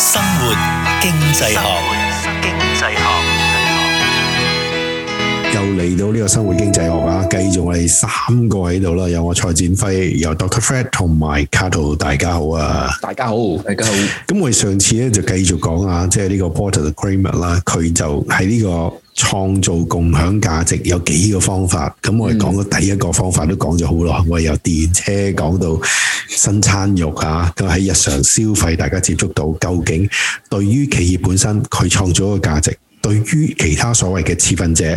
生活經濟學，經濟學。又嚟到呢個生活經濟學啊！繼續我哋三個喺度啦，有我蔡展輝，有 Doctor Fred 同埋 Cato，大家好啊！大家好，大家好。咁我哋上次咧就繼續講啊，即係呢個 Porter Agreement 啦，佢就喺呢個創造共享價值有幾個方法。咁我哋講咗第一個方法都講咗好耐，我、嗯、由電車講到新餐肉啊。咁喺日常消費大家接觸到，究竟對於企業本身佢創造一個價值，對於其他所謂嘅持份者？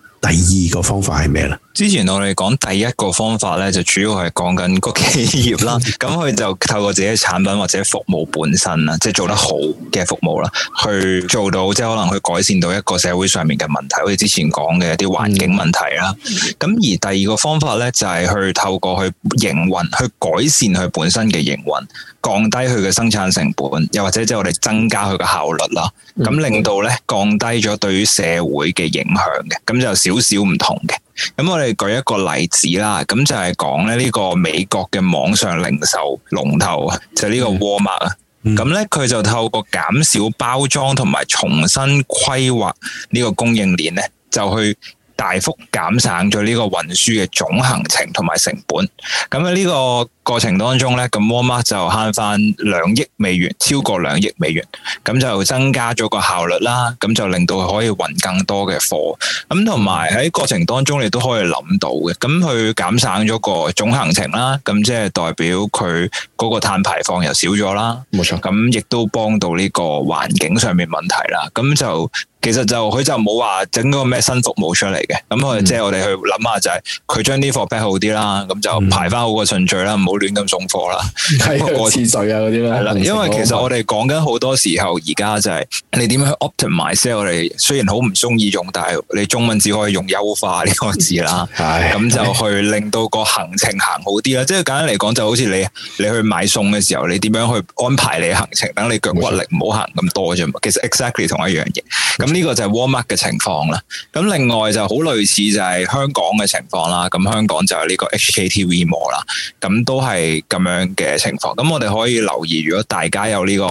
第二個方法係咩咧？之前我哋講第一個方法咧，就主要係講緊個企業啦。咁 佢就透過自己產品或者服務本身啦，即、就、係、是、做得好嘅服務啦，去做到即係、就是、可能去改善到一個社會上面嘅問題，好似之前講嘅一啲環境問題啦。咁、嗯、而第二個方法咧，就係去透過去營運，去改善佢本身嘅營運，降低佢嘅生產成本，又或者即係我哋增加佢嘅效率啦。咁、嗯、令到咧降低咗對於社會嘅影響嘅，咁就少少少唔同嘅，咁我哋舉一個例子啦，咁就係講咧呢個美國嘅網上零售龍頭就呢、是、個沃爾瑪咁呢，佢、嗯嗯、就透過減少包裝同埋重新規劃呢個供應鏈呢，就去。大幅減省咗呢個運輸嘅總行程同埋成本，咁喺呢個過程當中呢，咁 Walmart 就慳翻兩億美元，超過兩億美元，咁就增加咗個效率啦，咁就令到佢可以運更多嘅貨，咁同埋喺過程當中，你都可以諗到嘅，咁佢減省咗個總行程啦，咁即係代表佢嗰個碳排放又少咗啦，冇錯，咁亦都幫到呢個環境上面問題啦，咁就。其實就佢就冇話整個咩新服務出嚟嘅，咁、嗯、我即借我哋去諗下就係佢將啲貨 b 好啲啦，咁、嗯、就排翻好個順序啦，唔好亂咁送貨啦，係、嗯、啊，次序啊嗰啲啦。因為其實我哋講緊好多時候而家就係你點樣去 optimise，我哋雖然好唔中意用，但係你中文字可以用優化呢個字啦。咁、哎、就去令到個行程行好啲啦，即、哎、係簡單嚟講就好似你你去買餸嘅時候，你點樣去安排你行程，等你腳骨力唔好行咁多啫嘛。其實 exactly 同一樣嘢。咁呢個就係 Warmart 嘅情況啦。咁另外就好類似就係香港嘅情況啦。咁香港就有呢個 HKTV 模啦。咁都係咁樣嘅情況。咁我哋可以留意，如果大家有呢個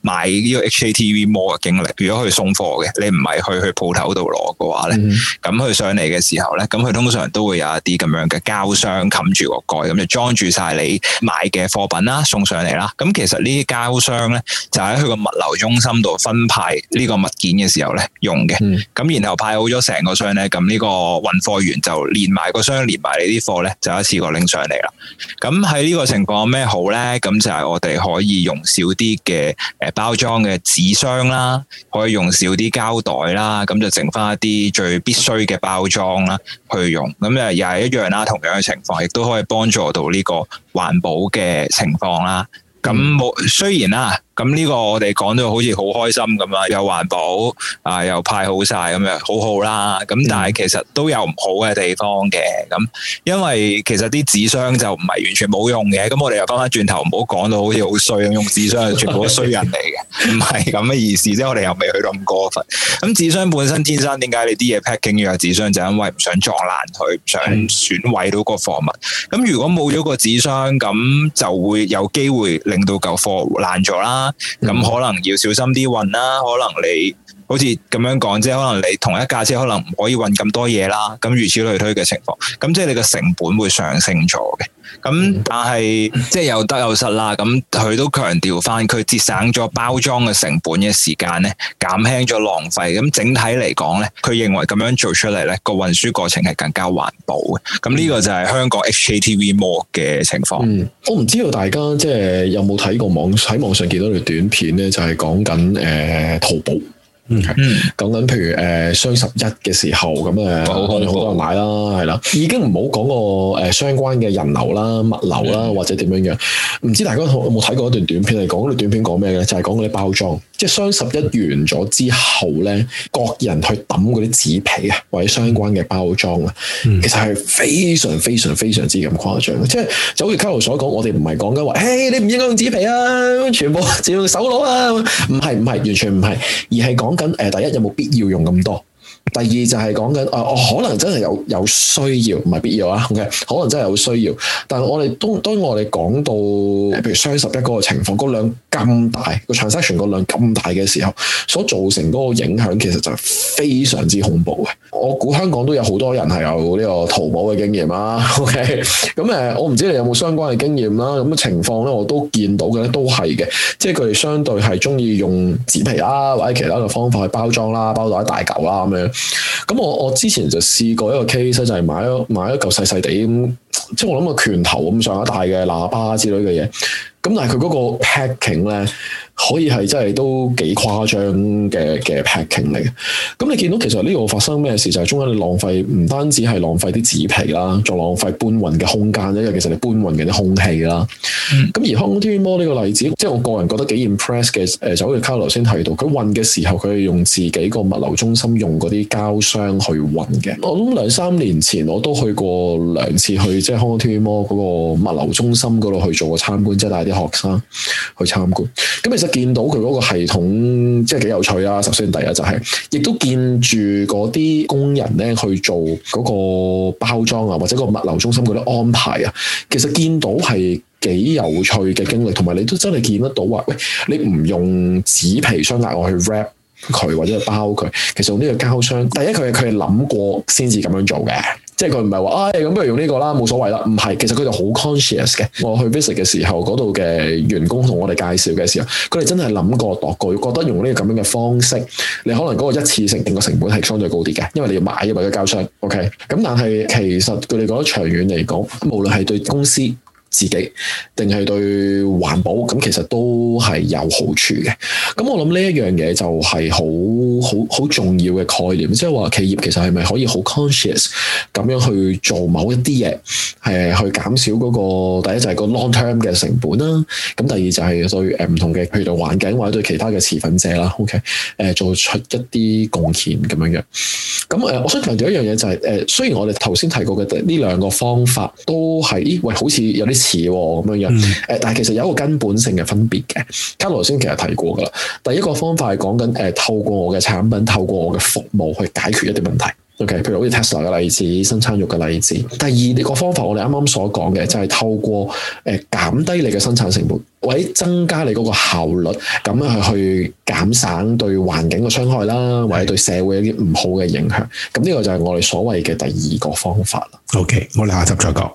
買呢個 HKTV 模嘅經歷，如果去送貨嘅，你唔係去去鋪頭度攞嘅話咧，咁、嗯、佢上嚟嘅時候咧，咁佢通常都會有一啲咁樣嘅膠箱冚住個蓋，咁就裝住晒你買嘅貨品啦，送上嚟啦。咁其實呢啲膠箱咧，就喺佢個物流中心度分派呢個物件嘅時候，咧用嘅，咁然後派好咗成個箱咧，咁、這、呢個運貨員就連埋個箱，連埋你啲貨咧，就一次過拎上嚟啦。咁喺呢個情況咩好咧？咁就係我哋可以用少啲嘅誒包裝嘅紙箱啦，可以用少啲膠袋啦，咁就剩翻一啲最必須嘅包裝啦去用。咁又又係一樣啦，同樣嘅情況，亦都可以幫助到呢個環保嘅情況啦。咁、嗯、冇雖然啦。咁、這、呢個我哋講到好似好開心咁啊，又環保啊、呃，又派好晒咁樣，好好啦。咁、嗯、但係其實都有唔好嘅地方嘅。咁因為其實啲紙箱就唔係完全冇用嘅。咁我哋又翻翻轉頭，唔好講到好似好衰， 用紙箱係全部都衰人嚟嘅，唔係咁嘅意思。即 係我哋又未去到咁過分。咁紙箱本身天生點解你啲嘢 pack 緊要係紙箱？就因為唔想撞爛佢，唔想損毀到個貨物。咁如果冇咗個紙箱，咁就會有機會令到舊貨爛咗啦。咁、嗯、可能要小心啲運啦，可能你。好似咁樣講，即係可能你同一架車可能唔可以運咁多嘢啦，咁如此類推嘅情況，咁即係你個成本會上升咗嘅。咁、嗯、但係即係有得有失啦。咁佢都強調返，佢節省咗包裝嘅成本嘅時間咧，減輕咗浪費。咁整體嚟講咧，佢認為咁樣做出嚟咧，個運輸過程係更加環保嘅。咁呢個就係香港 HKTV Mall 嘅情況。嗯、我唔知道大家即係有冇睇過網喺網上見到條短片咧，就係、是、講緊誒、呃、淘寶。嗯，咁、嗯、樣譬如誒，雙、呃、十一嘅時候咁誒、呃，好，好，好，好多人買啦，係啦，已經唔好講個誒相關嘅人流啦、物流啦，或者點樣樣，唔知大家有冇睇過一段短片，嚟講嗰段短片講咩嘅？就係講嗰啲包裝。即係雙十一完咗之後咧，各人去抌嗰啲紙皮啊，或者相關嘅包裝啊、嗯，其實係非常非常非常之咁誇張。即係就好似卡 a 所講，我哋唔係講緊話，誒你唔應該用紙皮啊，全部就用手攞啊，唔係唔係完全唔係，而係講緊誒第一有冇必要用咁多。第二就係講緊誒，我可能真係有有需要，唔係必要啊。OK，可能真係有需要，但我哋都當我哋講到，譬如雙十一嗰個情況，嗰量咁大，個 transaction 嗰量咁大嘅時候，所造成嗰個影響其實就係非常之恐怖嘅。我估香港都有好多人係有呢個淘寶嘅經驗啦。OK，咁誒、呃，我唔知你有冇相關嘅經驗啦。咁嘅情況咧，我都見到嘅咧，都係嘅，即係佢哋相對係中意用紙皮啦，或者其他嘅方法去包裝啦、包到一大嚿啦咁樣咁我我之前就試過一個 case 就係買咗買咗嚿細細地咁，即係我諗個拳頭咁上下大嘅喇叭之類嘅嘢，咁但係佢嗰個 packing 咧。可以係真係都幾誇張嘅嘅 packing 嚟嘅。咁你見到其實呢個發生咩事就係、是、中間你浪費唔單止係浪費啲紙皮啦，仲浪費搬運嘅空間咧，因為其實你搬運嘅啲空氣啦。咁、嗯、而 HKTVmall 呢個例子，即、就、係、是、我個人覺得幾 impress 嘅。誒就好似 Caroline 先提到，佢運嘅時候，佢係用自己個物流中心用嗰啲膠箱去運嘅。我諗兩三年前我都去過兩次去即係 HKTVmall 嗰個物流中心嗰度去做個參觀，即、就、係、是、帶啲學生去參觀。咁見到佢嗰個系統，即係幾有趣啊！首先第一就係、是，亦都見住嗰啲工人咧去做嗰個包裝啊，或者個物流中心嗰啲安排啊，其實見到係幾有趣嘅經歷，同埋你都真係見得到話，喂，你唔用紙皮箱嚟我去 wrap 佢或者包佢，其實用呢個膠箱，第一佢係佢諗過先至咁樣做嘅。即係佢唔係話，唉、哎、咁不如用呢個啦，冇所謂啦。唔係，其實佢就好 conscious 嘅。我去 visit 嘅時候，嗰度嘅員工同我哋介紹嘅時候，佢哋真係諗過度，佢覺得用呢、這個咁樣嘅方式，你可能嗰個一次性定個成本係相對高啲嘅，因為你要買或者交商。OK，咁但係其實佢哋覺得長遠嚟講，無論係對公司。自己定係對環保咁，其實都係有好處嘅。咁我諗呢一樣嘢，就係好好好重要嘅概念，即係話企業其實係咪可以好 conscious 咁樣去做某一啲嘢，誒去減少嗰、那個第一就係個 long term 嘅成本啦。咁第二就係對誒唔同嘅，譬如環境或者對其他嘅持份者啦，OK 誒做出一啲貢獻咁樣樣，咁誒我想提另一樣嘢就係、是、誒、呃、雖然我哋頭先提過嘅呢兩個方法都係咦喂，好似有啲。咁樣樣，誒，但係其實有一個根本性嘅分別嘅。頭先其實提過噶啦，第一個方法係講緊，誒，透過我嘅產品，透過我嘅服務去解決一啲問題。OK，譬如好似 Tesla 嘅例子，新餐肉嘅例子。第二個方法我剛剛，我哋啱啱所講嘅就係、是、透過，誒，減低你嘅生產成本，或者增加你嗰個效率，咁去去減省對環境嘅傷害啦，或者對社會一啲唔好嘅影響。咁呢個就係我哋所謂嘅第二個方法啦。OK，我哋下集再講。